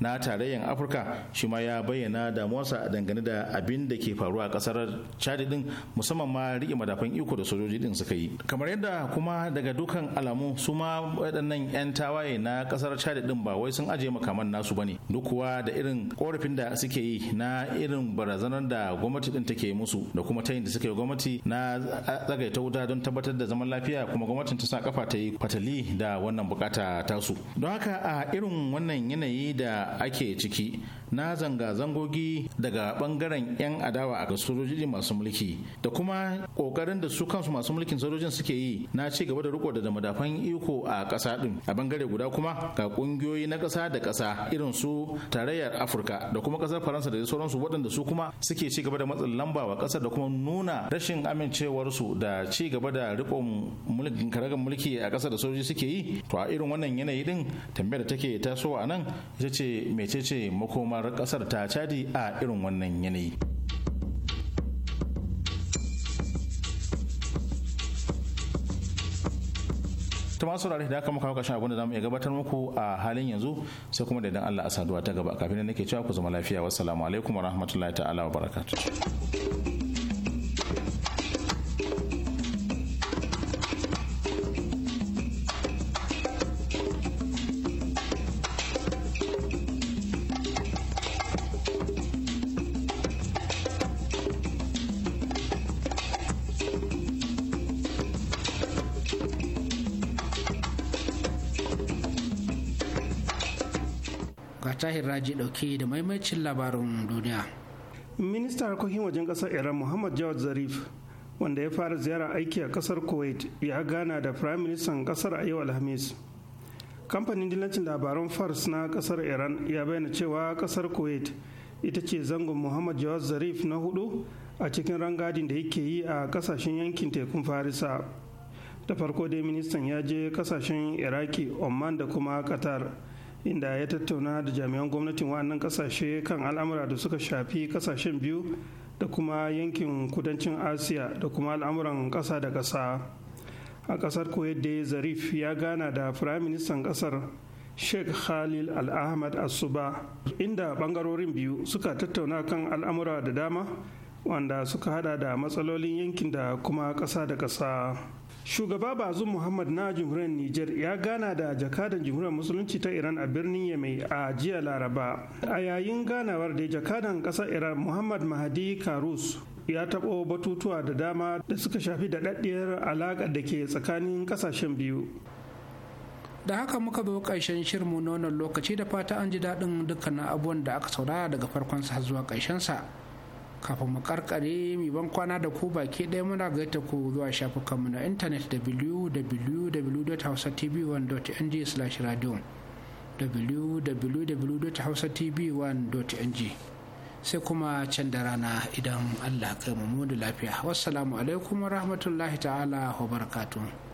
na tarayyar afirka shi ma ya bayyana damuwarsa dangane da abin da ke faruwa a kasar chad din musamman ma rike madafan iko da sojoji din suka yi kamar yadda kuma daga dukan alamu su ma waɗannan 'yan tawaye na kasar chad din ba wai sun aje makaman nasu bane duk kuwa da irin korafin da suke yi na irin barazanar da gwamnati din take musu da kuma tayin da suka gwamnati na ta wuta don tabbatar da zaman lafiya kuma gwamnatin ta sa kafa ta yi fatali da wannan bukata tasu don haka a irin wannan yanayi da da ake ciki na zanga-zangogi daga bangaren 'yan adawa a sojoji masu mulki da kuma kokarin da su kansu masu mulkin sojojin suke yi na ci gaba da riko da madafan iko a ƙasa din a bangare guda kuma ga kungiyoyi na ƙasa da ƙasa irin su tarayyar afirka da kuma ƙasar faransa da sauransu waɗanda su kuma suke ci gaba da matsin lamba wa ƙasar da kuma nuna rashin amincewarsu da ci gaba da riƙon mulkin karagar mulki a ƙasar da sojoji suke yi to a irin wannan yanayi din tambayar da take tasowa nan ita ce mecece makoma kamar kasar ta cadi a irin wannan yanayi ta masu rari da aka muka kawo abin da zamu iya gabatar muku a halin yanzu sai kuma da idan Allah a saduwa ta gaba kafin da nake cewa ku zama lafiya salamu alaikum rahmatullahi ta'ala barakatu tahir raji dauke da maimacin labarin duniya ministan harkokin wajen kasar iran muhammad jawad zarif wanda ya fara ziyara aiki a kasar kuwait ya gana da firayim ministan kasar a yau alhamis kamfanin dillancin labaran fars na kasar iran ya bayyana cewa kasar kuwait ita ce zangon muhammad jawad zarif na hudu a cikin rangadin da yake yi a kasashen yankin tekun farisa da farko dai ministan ya je kasashen iraki oman da kuma qatar inda ya tattauna da jami'an gwamnatin wa'annan kasashe kan al'amura da suka shafi kasashen biyu da kuma yankin kudancin asiya da kuma al'amuran ƙasa da ƙasa a ƙasar da zarif ya gana da firayim ministan ƙasar sheikh khalil al-ahmad asuba inda ɓangarorin biyu suka tattauna kan al'amura da dama wanda suka hada da matsalolin yankin da kuma ƙasa da ƙasa. shugaba bazu muhammad na jimhuriyar niger ya gana da jakadan jimhuriyar musulunci ta iran a birnin yamai a jiya laraba a yayin ganawar da jakadan kasar iran muhammad mahadi karus ya taɓo batutuwa da dama da suka shafi daɗaɗɗiyar alaƙar da ke tsakanin ƙasashen biyu da haka muka zo ƙarshen shirmu na wannan lokaci da fata an ji daɗin dukkanin abubuwan da aka saurara daga farkonsa zuwa ƙarshensa kafin mu karkare mai ban kwana da ku baki ɗaya muna gaita ku zuwa mu na intanet www.hausatv1.ng/radio www.hausatv1.ng sai kuma can da rana idan allah kai mu da lafiya wassalamu alaikum wa rahmatullahi ta'ala wa barakatuh